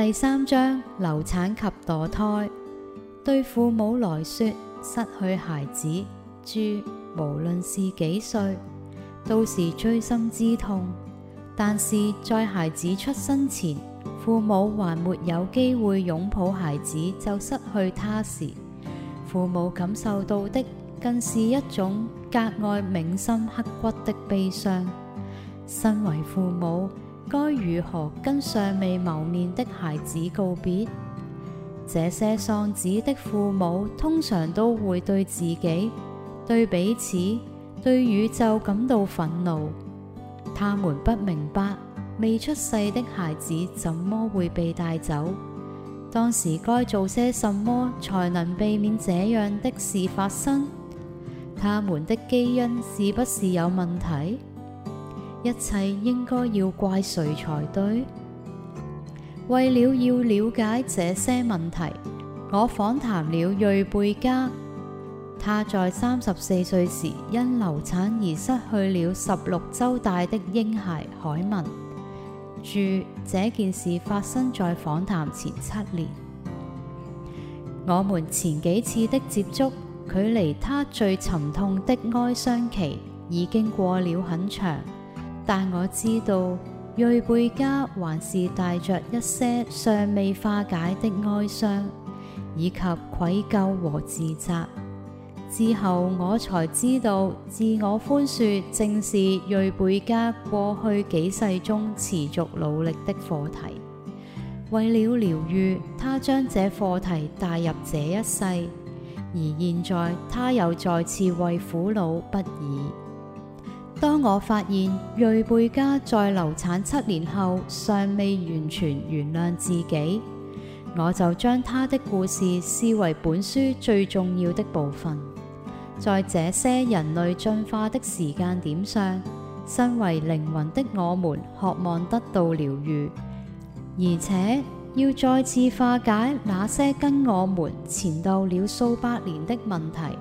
第三章流產及墮胎，對父母來說，失去孩子，注，無論是幾歲，都是錐心之痛。但是在孩子出生前，父母還沒有機會擁抱孩子就失去他時，父母感受到的更是一種格外銘心刻骨的悲傷。身為父母。該如何跟尚未謀面的孩子告別？這些喪子的父母通常都會對自己、對彼此、對宇宙感到憤怒。他們不明白未出世的孩子怎麼會被帶走，當時該做些什麼才能避免這樣的事發生？他們的基因是不是有問題？一切應該要怪誰才對？為了要了解這些問題，我訪談了芮貝嘉。她在三十四歲時因流產而失去了十六周大的嬰孩海文。注：這件事發生在訪談前七年。我們前幾次的接觸，距離她最沉痛的哀傷期已經過了很長。但我知道，芮貝嘉還是帶着一些尚未化解的哀傷，以及愧疚和自責。之後我才知道，自我寬恕正是芮貝嘉過去幾世中持續努力的課題。為了療癒，他將這課題帶入這一世，而現在他又再次為苦惱不已。當我發現芮貝嘉在流產七年後尚未完全原諒自己，我就將她的故事視為本書最重要的部分。在這些人類進化的時間點上，身為靈魂的我們渴望得到療愈，而且要再次化解那些跟我們纏鬥了數百年的問題。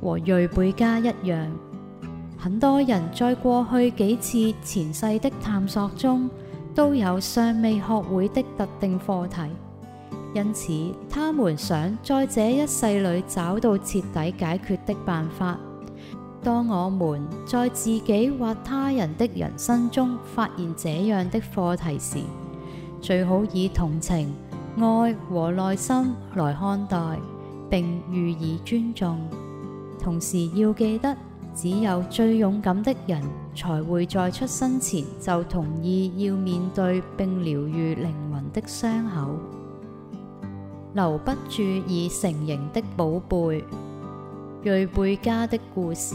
和芮貝嘉一樣。很多人在過去幾次前世的探索中，都有尚未學會的特定課題，因此他們想在這一世裏找到徹底解決的辦法。當我們在自己或他人的人生中發現這樣的課題時，最好以同情、愛和耐心來看待，並予以尊重，同時要記得。只有最勇敢的人，才會在出生前就同意要面對並療癒靈魂的傷口。留不住已成形的寶貝。芮貝嘉的故事，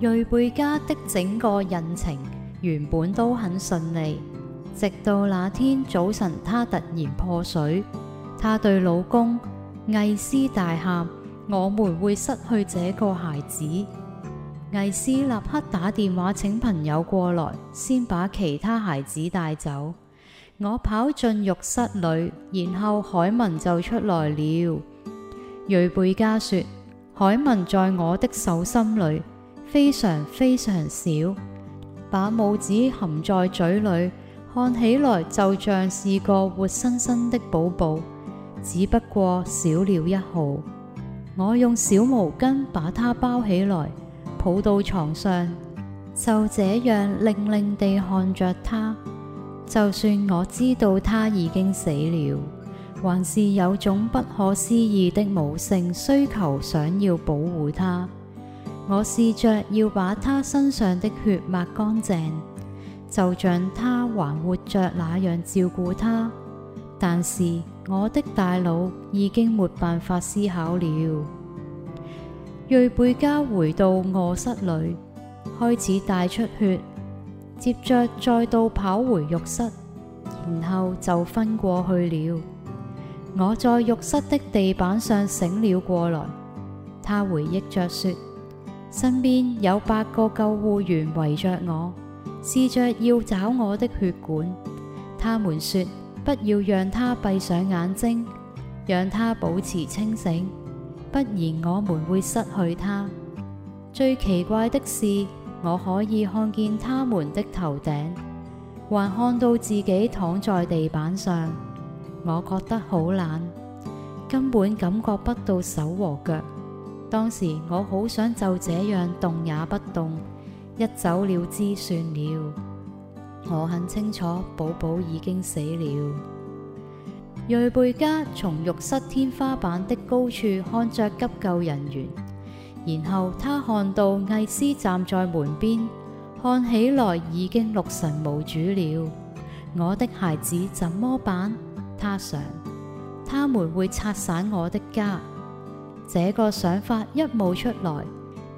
芮貝嘉的整個孕程原本都很順利，直到那天早晨，她突然破水，她對老公魏斯大喊。我們會失去這個孩子。魏斯立刻打電話請朋友過來，先把其他孩子帶走。我跑進浴室裏，然後海文就出來了。芮貝嘉說：海文在我的手心裏，非常非常小，把拇指含在嘴裏，看起來就像是個活生生的寶寶，只不過少了一號。我用小毛巾把他包起來，抱到床上，就這樣愣愣地看着他。就算我知道他已經死了，還是有種不可思議的母性需求，想要保護他。我試着要把他身上的血抹乾淨，就像他還活着那樣照顧他。但是我的大腦已經沒辦法思考了。芮貝嘉回到臥室裏，開始大出血，接着再度跑回浴室，然後就昏過去了。我在浴室的地板上醒了過來，他回憶着說：身邊有八個救護員圍着我，試着要找我的血管。他們說：不要讓他閉上眼睛，讓他保持清醒。不然我們會失去他。最奇怪的是，我可以看見他們的頭頂，還看到自己躺在地板上。我覺得好冷，根本感覺不到手和腳。當時我好想就這樣動也不動，一走了之算了。我很清楚，寶寶已經死了。芮貝嘉從浴室天花板的高處看着急救人員，然後他看到魏斯站在門邊，看起來已經六神無主了。我的孩子怎麼辦？他想，他們會拆散我的家。這個想法一冒出來，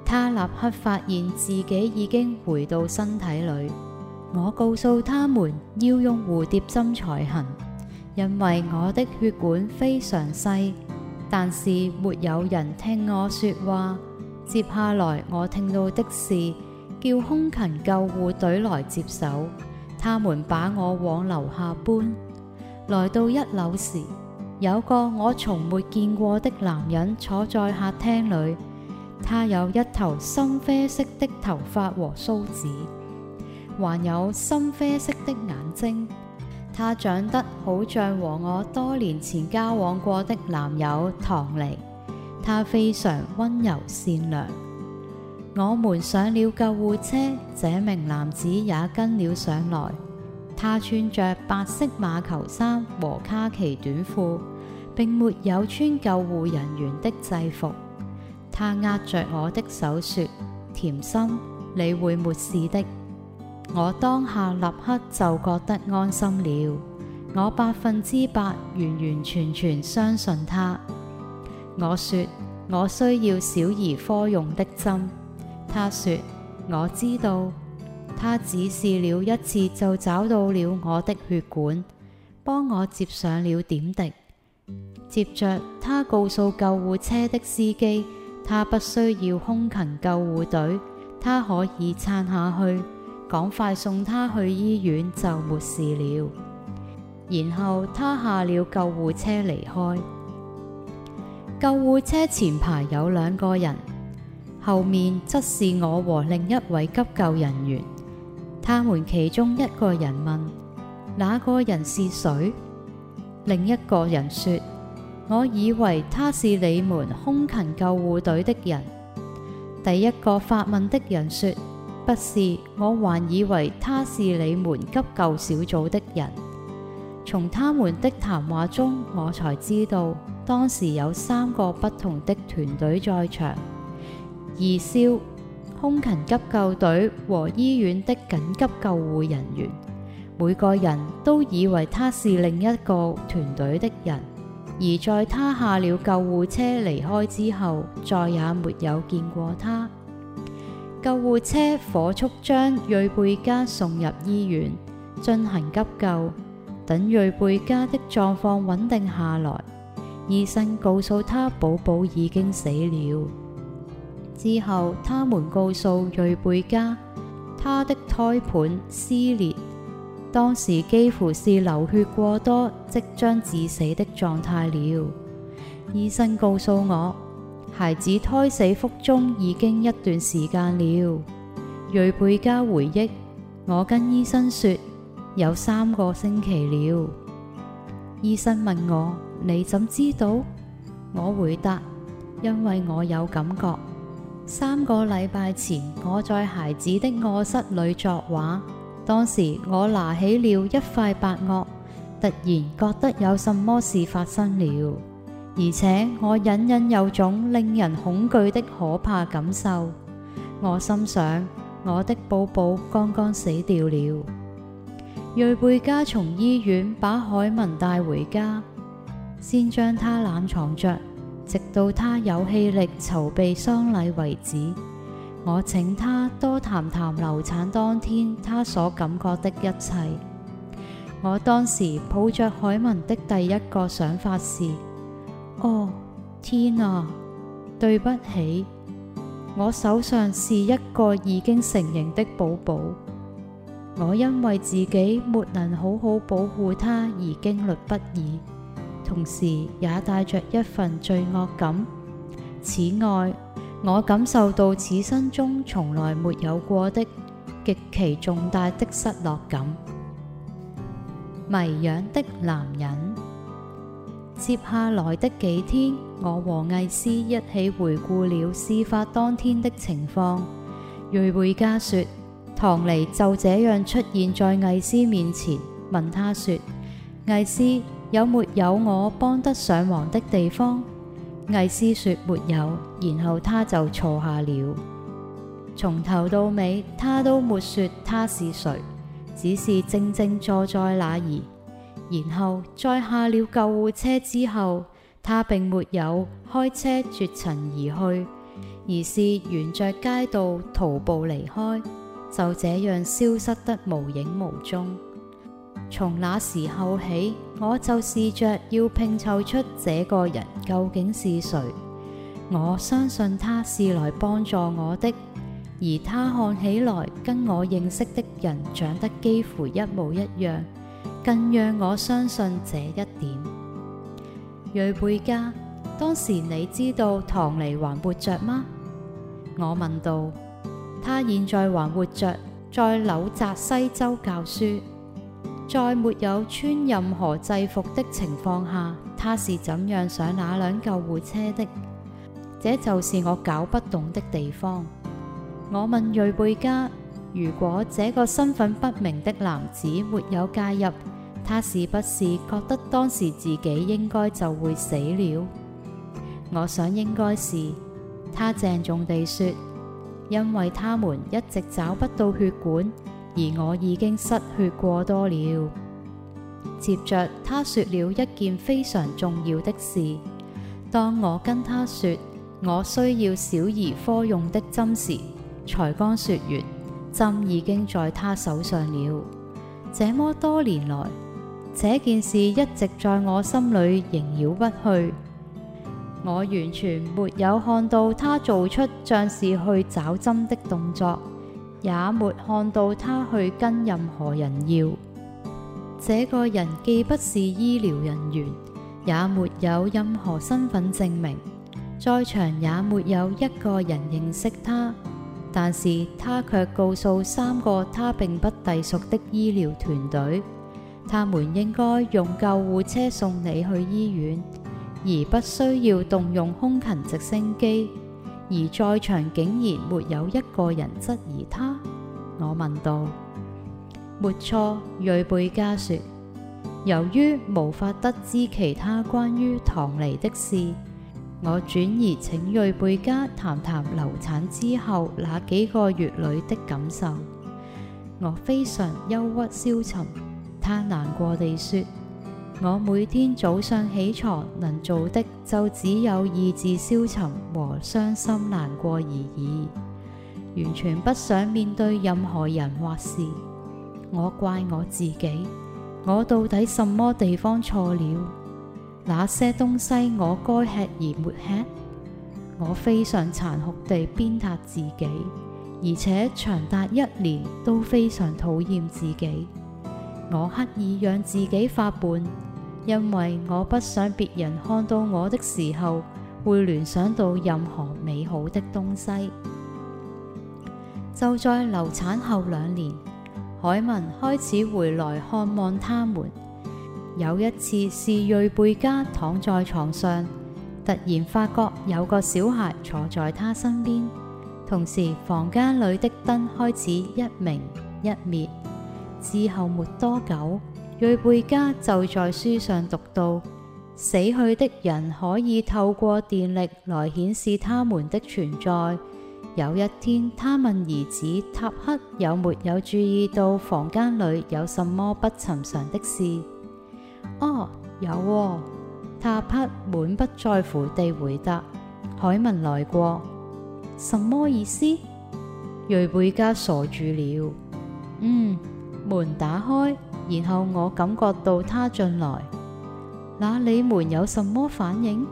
他立刻發現自己已經回到身體裏。我告訴他們要用蝴蝶針才行。因為我的血管非常細，但是沒有人聽我說話。接下來我聽到的是叫空勤救護隊來接手，他們把我往樓下搬。來到一樓時，有個我從沒見過的男人坐在客廳裏，他有一頭深啡色的頭髮和鬚子，還有深啡色的眼睛。他長得好像和我多年前交往過的男友唐尼，他非常温柔善良。我們上了救護車，這名男子也跟了上來。他穿着白色馬球衫和卡其短褲，並沒有穿救護人員的制服。他握着我的手說，甜心，你會沒事的。我當下立刻就覺得安心了，我百分之百完完全全相信他。我說我需要小兒科用的針，他說我知道，他只試了一次就找到了我的血管，幫我接上了點滴。接着他告訴救護車的司機，他不需要空勤救護隊，他可以撐下去。趕快送他去醫院就沒事了。然後他下了救護車離開。救護車前排有兩個人，後面則是我和另一位急救人員。他們其中一個人問：那個人是誰？另一個人說：我以為他是你們空勤救護隊的人。第一個發問的人說。不是，我還以為他是你們急救小組的人。從他們的談話中，我才知道當時有三個不同的團隊在場：二消、空勤急救隊和醫院的緊急救護人員。每個人都以為他是另一個團隊的人，而在他下了救護車離開之後，再也沒有見過他。救護車火速將芮貝嘉送入醫院進行急救，等芮貝嘉的狀況穩定下來，醫生告訴他寶寶已經死了。之後，他們告訴芮貝嘉，他的胎盤撕裂，當時幾乎是流血過多，即將致死的狀態了。醫生告訴我。孩子胎死腹中已經一段時間了，芮貝嘉回憶：我跟醫生說有三個星期了。醫生問我，你怎知道？我回答：因為我有感覺。三個禮拜前我在孩子的臥室裏作畫，當時我拿起了一塊白堊，突然覺得有什麼事發生了。而且我隱隱有種令人恐懼的可怕感受。我心想，我的寶寶剛剛死掉了。芮貝嘉從醫院把海文帶回家，先將他冷藏着，直到他有氣力籌備喪禮為止。我請他多談談流產當天他所感覺的一切。我當時抱着海文的第一個想法是。哦，oh, 天啊！對不起，我手上是一個已經成形的寶寶，我因為自己沒能好好保護他而驚慮不已，同時也帶着一份罪惡感。此外，我感受到此生中從來沒有過的極其重大的失落感。謎樣的男人。接下來的幾天，我和魏斯一起回顧了事發當天的情況。芮貝嘉說，唐尼就這樣出現在魏斯面前，問他說：魏斯有沒有我幫得上忙的地方？魏斯說沒有，然後他就坐下了。從頭到尾，他都沒說他是誰，只是靜靜坐在那兒。然後，再下了救護車之後，他並沒有開車絕塵而去，而是沿着街道徒步離開，就這樣消失得無影無蹤。從那時候起，我就試着要拼湊出這個人究竟是誰。我相信他是來幫助我的，而他看起來跟我認識的人長得幾乎一模一樣。更讓我相信這一點。芮貝嘉，當時你知道唐尼還活着嗎？我問道。他現在還活着，在紐澤西州教書。在沒有穿任何制服的情況下，他是怎樣上那輛救護車的？這就是我搞不懂的地方。我問芮貝嘉。如果這個身份不明的男子沒有介入，他是不是覺得當時自己應該就會死了？我想應該是。他鄭重地說，因為他們一直找不到血管，而我已經失血過多了。接着他說了一件非常重要的事：當我跟他說我需要小兒科用的針時，才剛說完。針已經在他手上了。這麼多年來，這件事一直在我心裏縈繞不去。我完全沒有看到他做出像是去找針的動作，也沒看到他去跟任何人要。這個人既不是醫療人員，也沒有任何身份證明，在場也沒有一個人認識他。但是他卻告訴三個他並不隸屬的醫療團隊，他們應該用救護車送你去醫院，而不需要動用空勤直升機。而在場竟然沒有一個人質疑他，我問道。沒錯，芮貝嘉說，由於無法得知其他關於唐尼的事。我轉而請芮貝嘉談談流產之後那幾個月裡的感受。我非常憂鬱消沉，他難過地說：我每天早上起床能做的就只有意志消沉和傷心難過而已，完全不想面對任何人或事。我怪我自己，我到底什麼地方錯了？那些東西我該吃而沒吃，我非常殘酷地鞭撻自己，而且長達一年都非常討厭自己。我刻意讓自己發胖，因為我不想別人看到我的時候會聯想到任何美好的東西。就在流產後兩年，海文開始回來看望他們。有一次是芮貝嘉躺在床上，突然發覺有個小孩坐在他身邊，同時房間裏的燈開始一明一滅。之後沒多久，芮貝嘉就在書上讀到，死去的人可以透過電力來顯示他們的存在。有一天，他問兒子塔克有沒有注意到房間裏有什麼不尋常的事。哦，有哦，他滿不在乎地回答。海文來過，什麼意思？芮貝嘉傻住了。嗯，門打開，然後我感覺到他進來。那你們有什麼反應？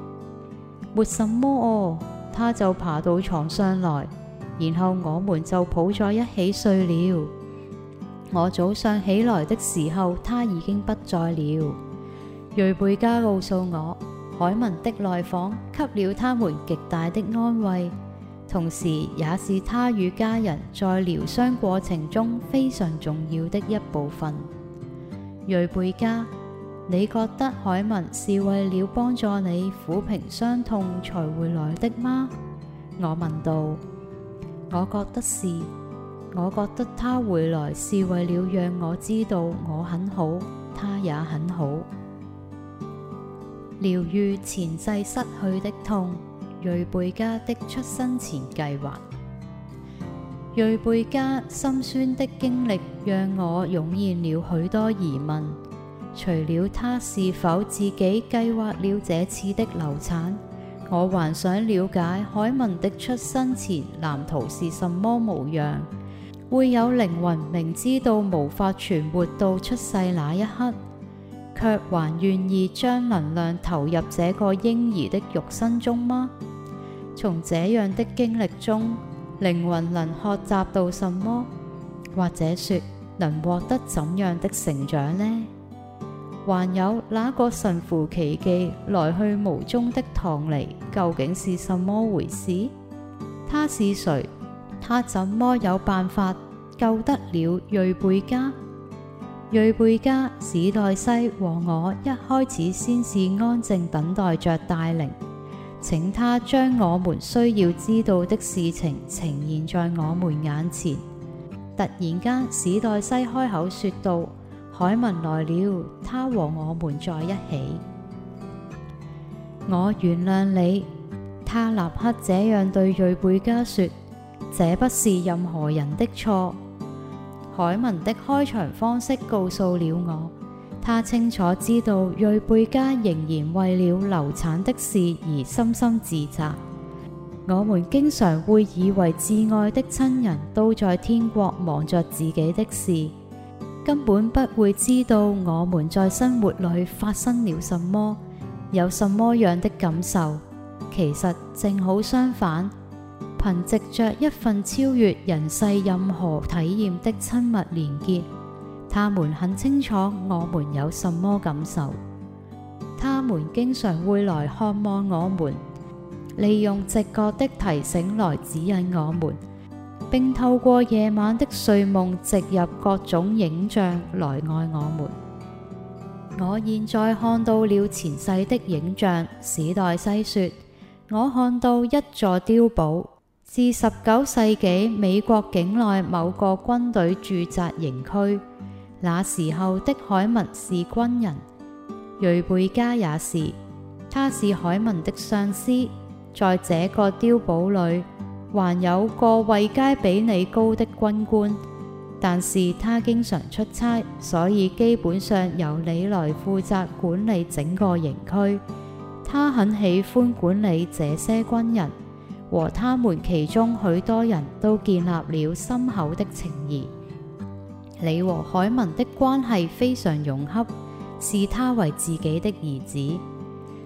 沒什麼哦，他就爬到床上來，然後我們就抱在一起睡了。我早上起來的時候他已經不在了。芮貝嘉告訴我，海文的來訪給了他們極大的安慰，同時也是他與家人在療傷過程中非常重要的一部分。芮貝嘉，你覺得海文是為了幫助你撫平傷痛才回來的嗎？我問道。我覺得是，我覺得他回來是為了讓我知道我很好，他也很好。療癒前世失去的痛，芮貝嘉的出生前計劃，芮貝嘉心酸的經歷讓我湧現了許多疑問。除了他是否自己計劃了這次的流產，我還想了解海文的出生前藍圖是什麼模樣？會有靈魂明知道無法存活到出世那一刻？卻還願意將能量投入這個嬰兒的肉身中嗎？從這樣的經歷中，靈魂能學習到什麼？或者說，能獲得怎樣的成長呢？還有那個神乎其技、來去無蹤的唐尼，究竟是什麼回事？他是誰？他怎麼有辦法救得了瑞貝嘉？芮貝嘉、史黛西和我一開始先是安靜等待着大靈，請他將我們需要知道的事情呈現在我們眼前。突然間，史黛西開口說道：海文來了，他和我們在一起。我原諒你，他立刻這樣對芮貝嘉說，這不是任何人的錯。凱文的開場方式告訴了我，他清楚知道芮貝嘉仍然為了流產的事而深深自責。我們經常會以為摯愛的親人都在天國忙着自己的事，根本不會知道我們在生活裏發生了什麼，有什麼樣的感受。其實正好相反。憑藉着一份超越人世任何體驗的親密連結，他們很清楚我們有什麼感受。他們經常會來看望我們，利用直覺的提醒來指引我們，並透過夜晚的睡夢植入各種影像來愛我們。我現在看到了前世的影像，史代西說：我看到一座碉堡。至十九世紀美國境內某個軍隊駐紮營區。那時候的海文是軍人，芮貝嘉也是。他是海文的上司，在這個碉堡裏還有個位階比你高的軍官，但是他經常出差，所以基本上由你來負責管理整個營區。他很喜歡管理這些軍人。和他們其中許多人都建立了深厚的情誼。你和海文的關係非常融洽，視他為自己的兒子。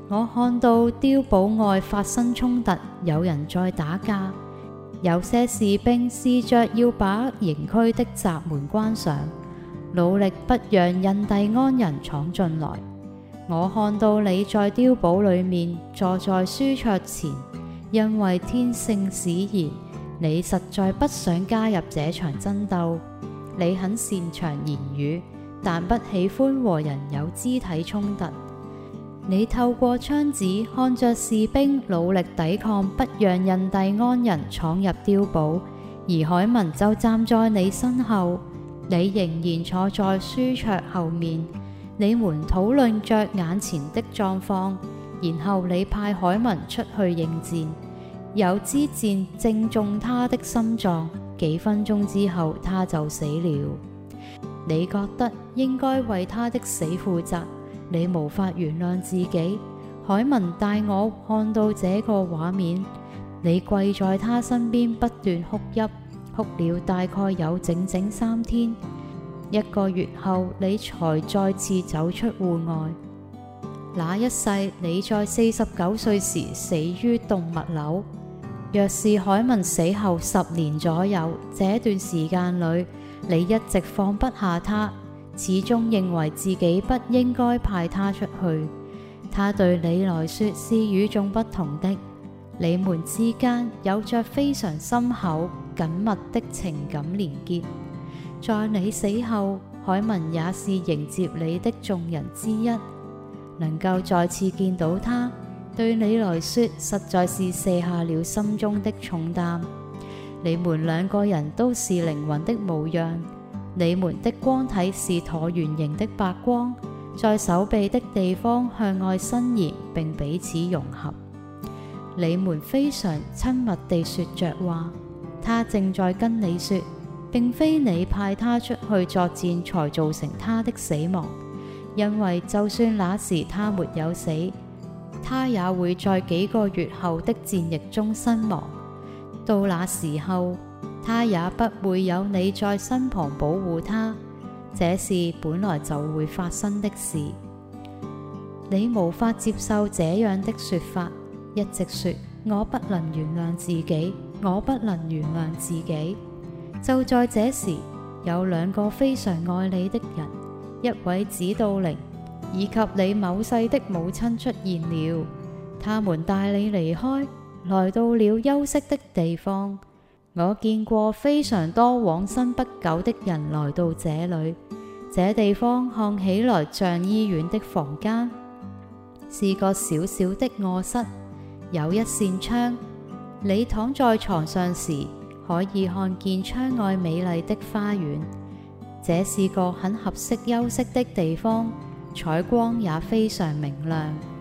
我看到碉堡外發生衝突，有人在打架，有些士兵試着要把營區的閘門關上，努力不讓印第安人闖進來。我看到你在碉堡裡面，坐在書桌前。因為天性使然，你實在不想加入這場爭鬥。你很擅長言語，但不喜歡和人有肢體衝突。你透過窗子看着士兵努力抵抗，不讓印第安人闖入碉堡，而海文就站在你身後。你仍然坐在書桌後面，你們討論着眼前的狀況。然後你派海文出去應戰，有支箭正中他的心臟，幾分鐘之後他就死了。你覺得應該為他的死負責，你無法原諒自己。海文帶我看到這個畫面，你跪在他身邊不斷哭泣，哭了大概有整整三天。一個月後，你才再次走出戶外。那一世，你在四十九歲時死於動物樓。若是海文死後十年左右，這段時間裏，你一直放不下他，始終認為自己不應該派他出去。他對你來說是與眾不同的，你們之間有着非常深厚緊密的情感連結。在你死後，海文也是迎接你的眾人之一。能夠再次見到他，對你來說實在是卸下了心中的重擔。你們兩個人都是靈魂的模樣，你們的光體是橢圓形的白光，在手臂的地方向外伸延，並彼此融合。你們非常親密地說着話，他正在跟你說，並非你派他出去作戰才造成他的死亡。因為就算那時他沒有死，他也會在幾個月後的戰役中身亡。到那時候，他也不會有你在身旁保護他。這是本來就會發生的事。你無法接受這樣的說法，一直說我不能原諒自己，我不能原諒自己。就在這時，有兩個非常愛你的人。一位指導靈以及你某世的母親出現了。他們帶你離開，來到了休息的地方。我見過非常多往生不久的人來到這裏，這地方看起來像醫院的房間，是個小小的臥室，有一扇窗。你躺在床上時，可以看見窗外美麗的花園。這是個很合適休息的地方，採光也非常明亮。